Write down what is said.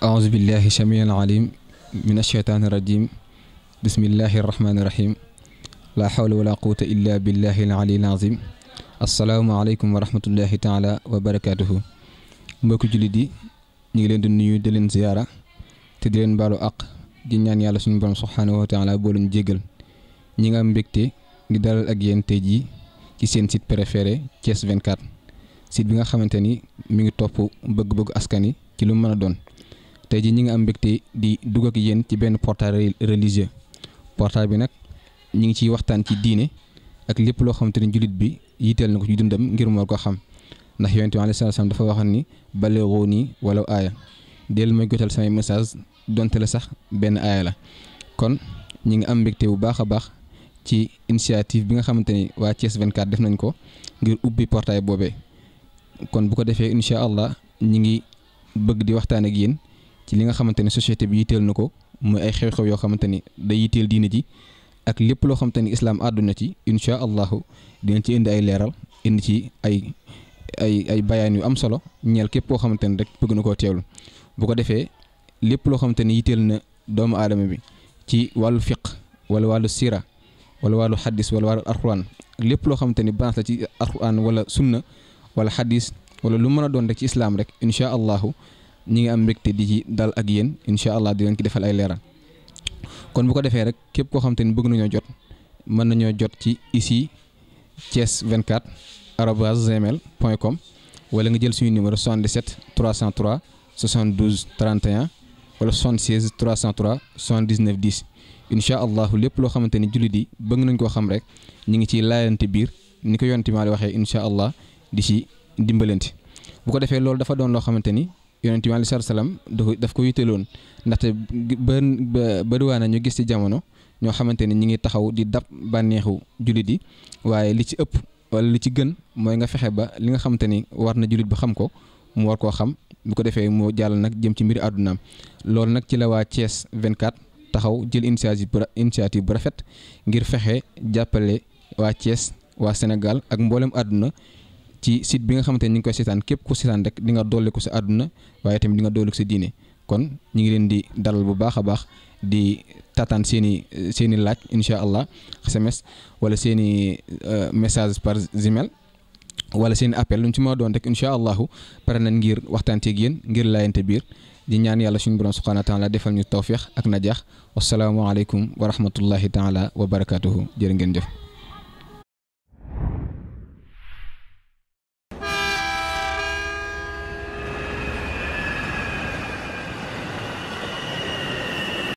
أعوذ بالله السميع العليم من الشيطان الرجيم بسم الله الرحمن الرحيم لا حول ولا قوة إلا بالله العلي العظيم السلام عليكم ورحمة الله تعالى وبركاته mbokki jullit yi ñu ngi leen di nuyu de leen ziyaara te di leen baalu àq di ñaan yàlla suñu borom subhaanahu wa taala boo leen jégal ñi nga am mbégte di dalal ak yéen tey jii ci seen site préféré Thiès 24 site bi nga xamante ni mi ngi topp bëgg-bëggu askan yi ci lu mën a doon tey jii ñi ngi am mbégte di dugg ak yéen ci benn portail religieux portail bi nag ñu ngi ciy waxtaan ci diine ak lépp loo xamante ni jullit bi yitteel na ko ci dundam ngir moo ko xam ndax yonent bi alayhi salaam dafa waxoon ni baleeroo nii wala aaya del may jotal samay message donte la sax benn aaya la kon ñi ngi am mbégte bu baax a baax ci initiative bi nga xamante ni waa Thiès 24 def nañ ko ngir ubbi portail boobee kon bu ko defee incha allah ñi ngi bëgg di waxtaan ak yéen. ci li nga xamante ne société bi yitteel na ko muy ay xew-xew yoo xamante ni day yitteel diine ji ak lépp loo xamante ni islaam àdduna ci incha allahu dinañ ci indi ay leeral indi ci ay ay ay bayaan yu am solo ñeel képp koo xamante ni rek bëgg na koo teewlu bu ko defee lépp loo xamante ni yitteel na doomu aadama bi ci wàllu fiq wala wàllu sira wala wàllu xaddis wala wàllu alquran lépp loo xamante ni balance la ci alquran wala sunna wala xaddis wala lu mën a doon rek ci islaam rek incha allahu ñi ngi am mbégte di ci dal ak yéen incha allah di leen defal ay leeral kon bu ko defee rek képp koo xam te ni bëgg nañoo jot mën nañoo jot ci ici Thiès 24 arobase gmail point com wala nga jël suñu numéro 77 303 72 31 wala 76 303 79 10 incha allahu lépp loo xamante ni jullit di bëgg nañ koo xam rek ñu ngi ciy laayante biir ni ko yonti maa di waxee incha allah di ci dimbalante bu ko defee loolu dafa doon loo xamante ni yonent bi alayhi salaam da ko daf ko yitteloon ndaxte ba bëriwaa na ñu gis ci jamono ñoo xamante ne ñu ngi taxaw di dab bànneexu jullit yi waaye li ci ëpp wala li ci gën mooy nga fexe ba li nga xamante ni war na jullit bi xam ko mu war koo xam bu ko defee mu jàll nag jëm ci mbiri àddunaam loolu nag ci la waa Thiès 24 taxaw jël initiative initiative bu rafet ngir fexe jàppale waa Thiès waa Sénégal ak mbooleem àdduna ci sit bi nga xamante ni ñu ngi koy seetaan képp ku seetaan rek di nga dolli ko sa àdduna waaye tamit di nga dolli ko sa diine kon ñu ngi leen di dalal bu baax a baax di taataan seen i seen i laaj incha allah SMS wala seen i euh, message par Gmail wala seen appel lu ñu ma doon rek incha allahu pare nañ ngir waxtaan ceeg yéen ngir laayante biir di ñaan yàlla suñu borom subhaanahu wa taala defal ñu tawfiix ak najaax wasalaamualeykum wa rahmatullahi taala wa barakaatuhu jërë ngeen jëf.